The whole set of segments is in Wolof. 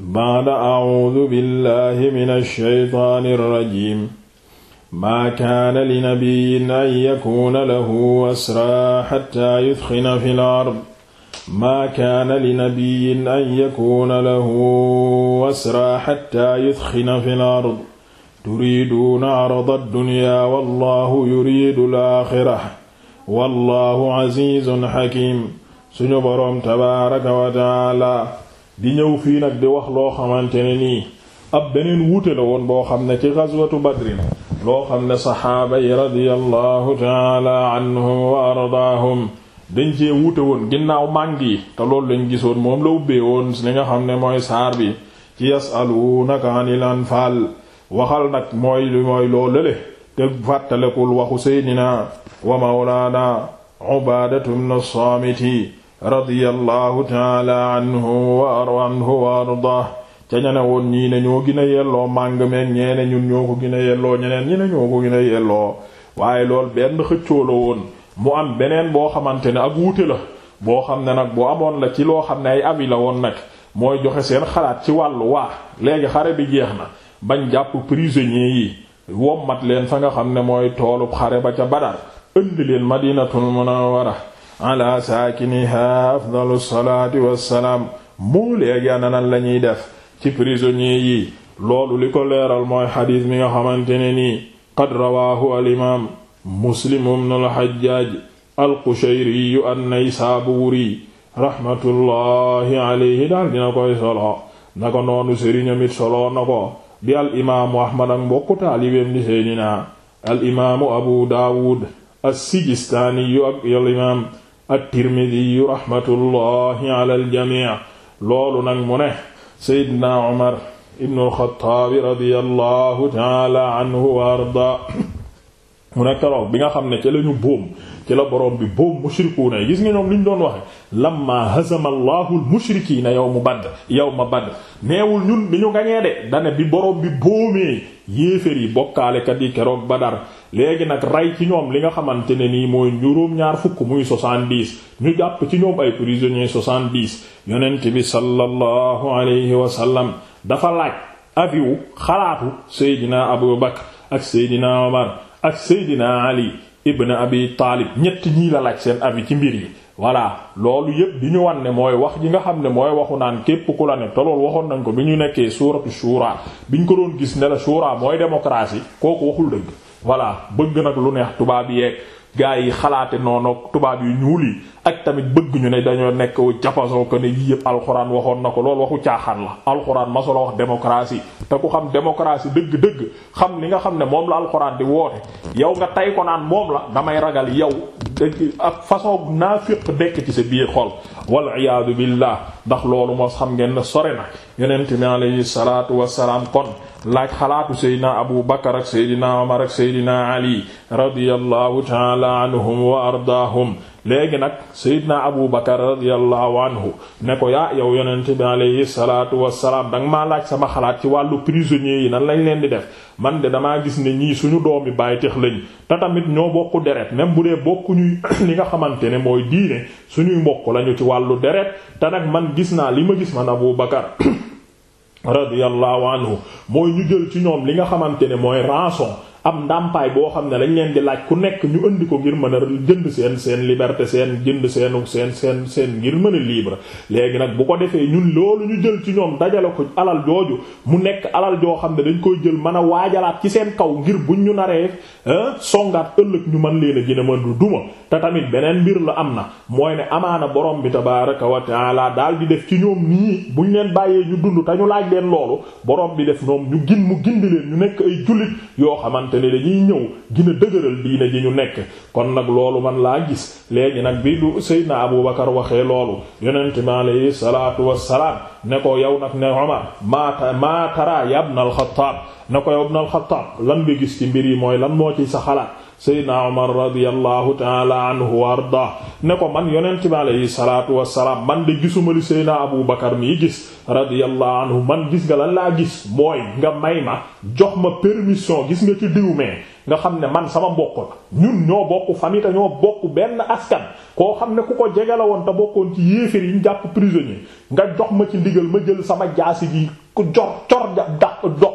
baada acuudu billahi min alsheytaani alrajim maa kaana linabiyin an yakuuna lahu asraa xataa yudxina fi l ard maa kaana linabiyin an yakuuna lahu asraa xataa yudxina fi l ard turiiduuna arda addunyaa wallahu yuriidu laaxira wallahu casiizun xakiim suñu boroom tabaaraka wa tacaala di ñëw fii nag di wax loo xamante ne nii ab beneen wuute la woon boo xam ne ci ghazwatu badrin loo xam ne saxaaba yi radiyallahu taala anhum wa ardaahum dañ cee wuute woon ginnaaw màng yi te loolu lañ gisoon moom la ubbee woon li nga xam ne mooy saar bi ci yasaluunaka anil anfaal waxal nag mooy mooy loolale te fàttalekul waxu seydinaa wa mawlaana ubaadatu ibn saamiti radiyallahu taala anhu wa anhu wa ardah ca ñene woon ñii ne ñoo gën a yelloo màng meen ñee ne ñun ñoo ko gën a yelloo ñeneen ñi ne ñoo ko gën a yelloo waaye lool benn xëccoo la woon mu am beneen boo xamante ne ak wuute la boo xam ne nag bu amoon la ci loo xam ne ay avis la woon nag mooy joxe seen xalaat ci wàllu waa léegi xare bi jeex na bañ jàpp prisonnier yi wommat leen fa nga xam ne mooy toolub xare ba ca Badar ëndi leen Madinatul Munawwara ala saakiniha afdalu salaati wassalaam mu léegi ana nan la ñuy def ci prisonnier yi loolu li ko leeral mooy xadiis mi nga xamante ne nii qad rawaahu alimaam muslim ibn al-hajjaaj al-qushayri an-naysaabuuri raxmatullaahi alayhi daal dina koy solo na ko noonu sëriñamit solo na ko di al imaamu ahmad ak mbokku taalibeem di seydinaa al imaamu abu daawud as-sijistaani yu ak al imaam at-Tirmidhi rahmatullahi ala al-jamii loolu nag mu ne Seydina Umar ibn al-Khattab radiyallahu ta'ala anhu wa arda mu nekk roog bi nga xam ne ci la ñu boom ci la borom bi boom mushrikuuna yi gis nga ñoom li ñu doon waxe lamma hazama allahu almushrikiina yawma yow ma badr neewul ñun bi ñu gañee de dane bi borom bi boomee yéefér yi bokkaalekat yi keroog ba badar léegi nag rey ci ñoom li nga xamante ne nii mooy juróom-ñaar fukk muy 70 ñu jàpp ci ñoom ay prisonniers 70 yonent bi sallallahu alayhi wa sallam dafa laaj abiwu xalaatu seydina abu bakar ak Seydina Omar ak Seydina Ali ibn Abi Taalib ñett ñii seen laaj seen ci mbir yi voilà loolu yépp di ñu wan ne mooy wax ji nga xam ne mooy waxu naan képp ku la ne te waxoon nañ ko bi ñu nekkee suuratu suuraa bi ñu ko doon gis ne la suuraa mooy démocratie kooku waxul dëgg voilà bëgg nag lu neex tubaab yeeg gaa yi xalaate noonook tubaab yu ñuul yi ak tamit bëgg ñu ne dañoo nekk japasoo ko ne yii yëpp alxuraan waxoon na ko loolu waxu caaxaan la alxuraan ma solo wax démocratie te ku xam démocratie dëgg-dëgg xam li nga xam ne moom la alxuraan di woote yow nga tey ko naan moom la damay ragal yow ak façon naafiq nekk ci sa biir xol wal iyaadu billah ndax loolu moo xam ngeen ne sore na yonent mi alayhi salaatu wassalaam kon laaj xalaatu seydina abu bakar ak seydina umar ak seydina ali radiyallahu ta'ala anhum wa ardaahum léegi nag Seydina Abu Bakar radiyallahu anhu ne ko yaa yow yonent bi alayhi salaatu wassalaam danga maa laaj sama xalaat ci wàllu prisonniers yi nan lañ leen di def man de damaa gis ni ñii suñu doomi bàyyi tex lañ te tamit ñoo bokk deret même bu dee bokkuñu li nga xamante ne mooy diine suñuy mbokk lañu ci wàllu deret te nag man gis naa li ma gis man Abu Bakar radiyallahu anhu mooy ñu jël ci ñoom li nga xamante ne mooy rançon am ndàmpaay boo xam ne lañ leen di laaj ku nekk ñu indi ko ngir mën a jënd seen seen liberté seen jënd seenu seen seen seen ngir mën a libre léegi nag bu ko defee ñun loolu ñu jël ci ñoom dajale ko alal jooju mu nekk alal joo xam ne dañ koy jël mën a waajalaat ci seen kaw ngir buñ ñu naree songaat ëllëg ñu mën leen a gën a mën duma te tamit beneen mbir lu am na mooy ne amaana borom bi tabaraka wa taala daal di def ci ñoom nii buñ leen bàyyee ñu dund te laaj leen loolu borom bi def ñoom ñu gin mu gindi leen ñu nekk ay jullit yoo xamante xamante ne dañuy ñëw gën a dëgëral diine ji ñu nekk kon nag loolu man laa gis léegi nag bii du Seydina Abu Bakar waxee loolu yonente mi alayhi salaatu ne ko yow nag ne Umar maa maa tara ya al-Khattab ne ko yow ibn al lan bi gis ci mbir yi mooy lan moo ci sa xalaat Seydina Omar radiyallahu taala anhu wa arda ne ko man yonent bi alayhi salaatu salaam man de gisuma li Seydina Abu Bakar mii gis radiyallahu anhu man gis nga lan laa gis mooy nga may ma jox ma permission gis nga ci diw mee nga xam ne man sama mbokk la ñun ñoo bokk famille te ñoo bokk benn askan koo xam ne ku ko jege la woon te bokkoon ci yéeféer yi ñu jàpp prisonnier nga jox ma ci ndigal ma jël sama jaasi bi ku jor cor da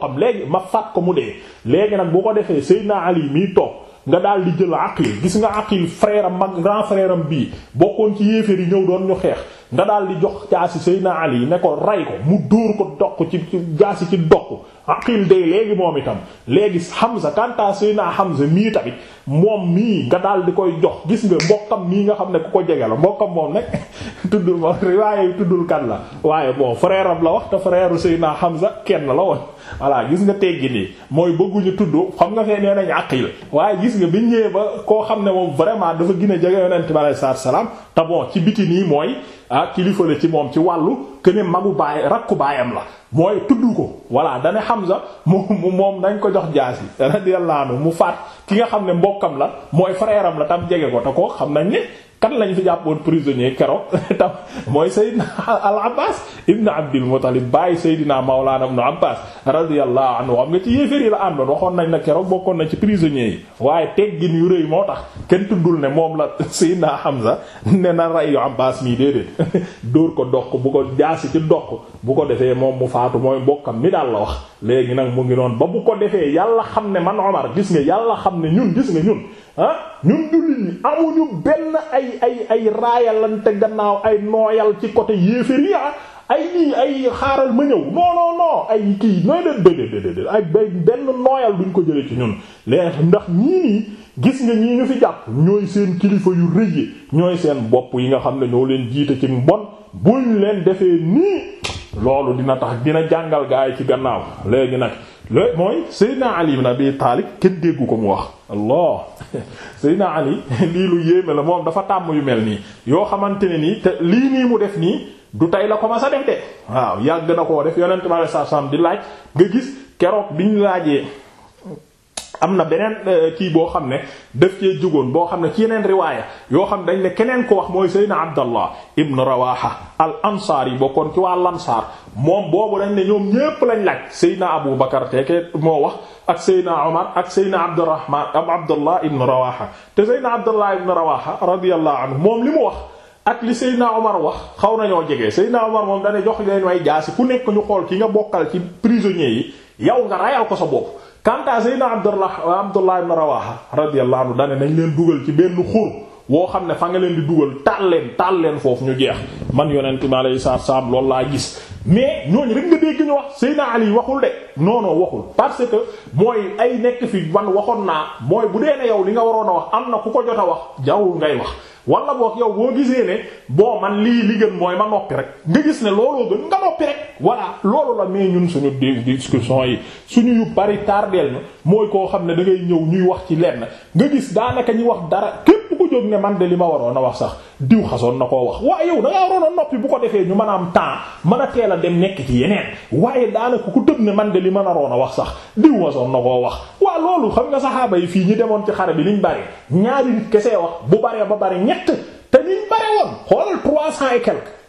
am léegi ma faat ko mu dee léegi nag bu ko defee Seydina Ali mii toog nga daal di jël aqil gis nga aqil frère am mag grand frère am bii bokkoon ci yéeféer yi ñëw doon ñu xeex nga daal di jox jaasi Seydina Ali ne ko rey ko mu dóor ko doq ci jaasi ci doq aqil day léegi moom itam léegi Hamza kanta Seydina Hamza nii tamit moom mii nga daal di koy jox gis nga mbokkam nii nga xam ne ku ko jege la mbokkam moom nag tuddul ma waaye tuddul kan la waaye bon frère la wax te frère Seydina Hamza kenn la woon voilà gis nga teggi nii mooy bëgguñu tudd xam nga fee nee nañ aqil waaye gis nga biñ ñëwee ba koo xam ne moom vraiment dafa gën a jege yonent bi alayhi salaatu salaam te ci biti nii mooy ah kilifa la ci moom ci wàllu que ne magu baay rakku baayam la mooy tudd ko voilà dane Hamza mu moom dañ ko jox jaas yi radiyallahu anhu mu faat ki nga xam ne mbokkam la mooy frère am la tam jege ko te ko xam nañ ne kan lañ fi jàppoon prisonnier keroog tam mooy Seydina al abbas ibn abdil muttalib bàyyi Seydina mawlana ibn abbas radiyallahu anhu xam nga ci yéeféer yi la àndoon waxoon nañ na kero bokkoon na ci prisonnier yi waaye teggin yu rëy moo tax kenn tuddul ne moom la na Hamza ne na rayu abbas mii déedéet dóor ko dox bu ko jaasi ci dox bu ko defee moom mu faatu mooy mbokkam mi daal la wax léegi nag mu ngi noonu ba bu ko defee yàlla xam ne man Omar gis nga yàlla xam ne ñun gis nga ñun ah ñun jullit ñi amuñu benn ay ay ay raayalante gannaaw ay nooyal ci côté yéeféri ya ah, ay nii ay xaaral ma ñëw non ay kii nooy leen déedéedéedéed ay bay benn nooyal duñ ko jëlee ci ñun leer ndax ñii nii gis nga ñii ñu fi jàpp ñooy seen kilifa yu rëy ñooy seen bopp yi nga xam ne ñoo leen jiite ci mbon ñu leen defee nii loolu dina tax dina jàngal gaay ci gannaaw léegi nag loolu mooy Seydina Ali ibn Abi Taalib kenn déggu ko mu wax allah Seydina Ali lii lu yéeme la moom dafa tàmm yu mel nii yoo xamante ne nii te lii nii mu def nii du tey la commencé def de waaw yàgg na koo def yonent bi sallallahu alayhi wasallam di laaj nga gis keroog biñ laajee. am na beneen euh, kii boo xam ne def cee jugoon boo xam ne ci yeneen riwaaya yoo xam ne dañ ne keneen ko wax mooy Seydina Abdallah ibn Rawaha al ansaar yi bokkoon ci waa lansaar moom boobu dañ ne ñoom ñépp lañ laaj Seydina Abu Bakar teeke moo wax ak Seydina Omar ak Seydina Abdurrahman ab Abdallah ibn Rawaha te Seydina Abdallah ibn Rawaha radiyallahu anhu moom li mu wax ak li Seydina Omar wax xaw nañoo jege Seydina Omar moom dane jox leen way jaasi ku nekk ñu xool ki nga bokkal ci prisonniers yi yow nga rayal ko sa bopp kanta Seydina Abdullah Abdullah ibn Rawaha radiyallahu anhu dane nañ leen dugal ci benn xur woo xam ne fa nga leen di dugal taal leen taal leen foofu ñu jeex man ma mi alayhi salaam loolu laa gis mais ñooñu rek nga dégg ñu wax Seydina Ali waxul de non waxul parce que mooy ay nekk fi wan waxoon naa mooy bu dee ne yow li nga waroon a wax am na ku ko jot a wax jawul ngay wax. wala boog yow boo gisee ne bon man lii li gën mooy ma noppi rek gis ne looloo gën nga noppi rek loolu la mais ñun suñu discussion yi suñu yu bari tardeel na mooy koo xam ne da ngay ñëw ñuy wax ci lenn nga gis daanaka ñi wax dara képp ku jóg ne man de li ma waroon a wax sax diw xasoon na koo wax waaye yow da ngaa waroon a noppi bu ko defee ñu mën a am temps mën a teel a dem nekk ci yeneen waaye daanaka ku tëb ne man de li ma naroon a wax sax diw ma na koo wax waa loolu xam nga saxaaba yi fii ñi demoon ci xare bi liñ bari ñaari nit kese wax bu baree ba bari ñett te liñ bare woon xoolal trois cent et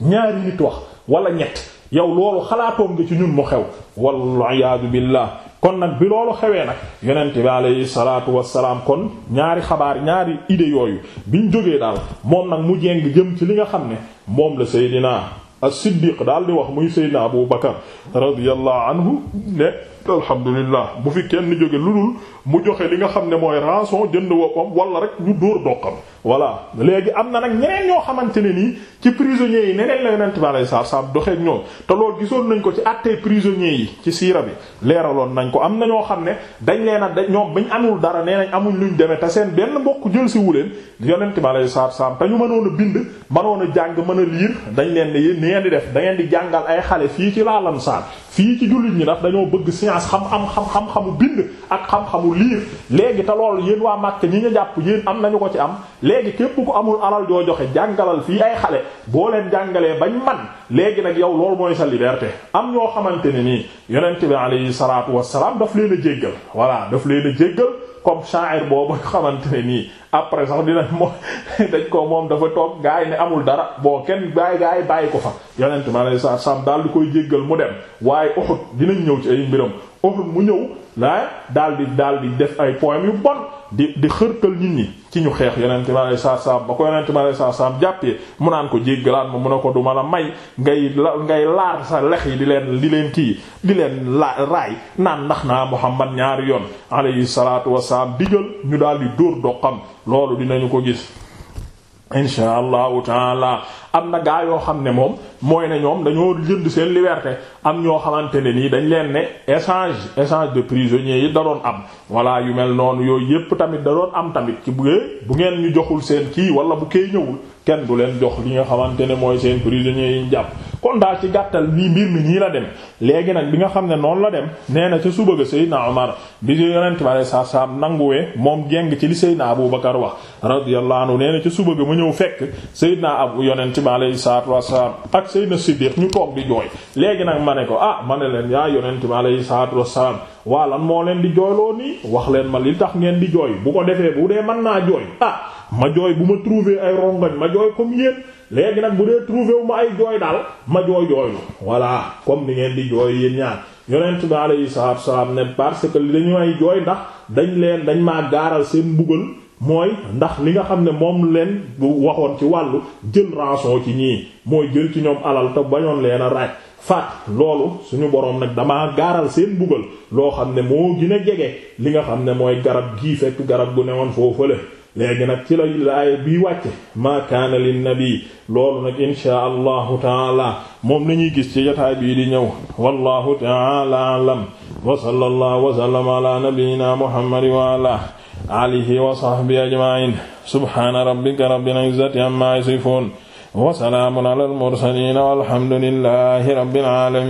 ñaari nit wax wala ñett yow loolu xalaatoon nga ci ñun mu xew wal iyaadu billah kon nag bi loolu xewee nag yonent bi alayhi salaatu wassalaam kon ñaari xabaar ñaari idée yooyu biñ jógee daal moom nag mu jeng jëm ci li nga xam ne moom la Seydina as-Siddiq daal di wax muy Seydina Abu Bakar radiyallahu anhu ne alhamdulillah bu fi kenn jóge lu dul mu joxe li nga xam ne mooy ranson jënd woppam wala rek ñu dóor doqam voilà léegi am na nag ñeneen ñoo xamante ne nii ci prisonniers yi neneen la yonent bi alayhi salaatu salaam doxee ak te loolu gisoon nañ ko ci àttee prisonniers yi ci siira bi leeraloon nañ ko am na ñoo xam ne dañ leen dañ ñoom bañ amul dara nee nañ amuñ luñ demee te seen benn mbokk jël si wu leen yonent bi alayhi salaatu a bind mënoon a jàng mën a dañ leen ngeen di def da ngeen di jàngal ay xale fii ci laalam saan fii ci jullit ñi ndax dañoo bëgg science xam am xam xam-xamu bind ak xam-xamu liir léegi te lool yéen waa Màkka ñi ñu jàpp yéen am nañu ko ci am léegi képp ku amul alal joo joxe jàngalal fii ay xale boo leen jàngalee bañ man léegi nag yow loolu mooy sa liberté am ñoo xamante ne nii yeneen bi alayhi salaatu wassalaam daf leen a jéggal voilà daf leen a jéggal comme sha'ir boobu xamante ne nii après sax dina moom dañ koo moom dafa toog gaa yi ne amul dara boo kenn gaa yi gaa bàyyi ko fa yonent ma lay sa sam daal di koy jéggal mu dem waaye Uhud dinañ ñëw ci ay mbiram Uhud mu ñëw daal di daal di def ay poème yu bon di di xërtal nit ñi ci ñu xeex yonente mi alei saa salaam ba ko yonente mi alei saatu salaam jàppee mu naan ko jéggalaat ma mu ne ko du ma la may ngay la ngay laal sa lex yi di leen di leen kii di leen laa raay naan ndax naa Muhammad ñaari yoon alayhi salaatu wasalaam digal ñu daal di dóor doqam loolu dinañu ko gis insha allahu taala am na gaa yoo xam ne moom mooy ne ñoom dañoo jënd seen liberté am ñoo xamante ne nii dañ leen ne échange échange de prisonniers yi da doon am walaa yu mel noonu yooyu yépp tamit da doon am tamit ci bu bu ngeen ñu joxul seen kii wala bu kay ñëwul kenn du leen jox li nga xamante ne mooy seen prisonniers yi ñu jàpp kon daal ci gàttal mbir mi ñii la dem léegi nag bi nga xam ne noonu la dem nee na ca suba ga Seydina Omar bi ma ne sa sam moom geng ci li Seydina Abu Bakar wax radiyallahu anhu nee na ca suba ga mu ñëw fekk Seydina Abu yonent ma alayhi salaatu wasalaam ak Seydina Siddiq ñu toog di jooy léegi nag ma ne ko ah ma ne leen yaa yonent ma alayhi salaatu wasalaam waa lan moo leen di jooyloo nii wax leen ma li tax ngeen di jooy bu ko defee bu dee mën naa ma jooy bu ma trouver ay rongañ ma jooy comme yéen léegi nag bu dee trouver wu ma ay jooy daal ma jooy jooylu voilà comme li ngeen di jooy yéen ñaar yonent bi alayhi salaatu salaam ne parce que li dañu may jooy ndax dañ leen dañ maa gaaral seen mbugal mooy ndax li nga xam ne moom leen bu waxoon ci wàllu jël rançon ci ñii mooy jël ci ñoom alal te bañoon leen a raaj faat loolu suñu boroom nag dama gaaral seen mbugal loo xam ne moo gën a jege li nga xam ne mooy garab gii fekk garab gu newoon foofale léegi nag ci la laaya bii wàcce maa kaana linnabi loolu nag inshaa allahu taala moom la ñuy gis ci jotaay bii di ñëw wallahu taala alam wa sallallahu wa sallama ala nabiyyina muhammad wa ala alihi wa sahbihi ajma'in subhana rabbika rabbil izzati amma yasifun wa salaamun ala al mursalin walhamdulillahi rabbil alamin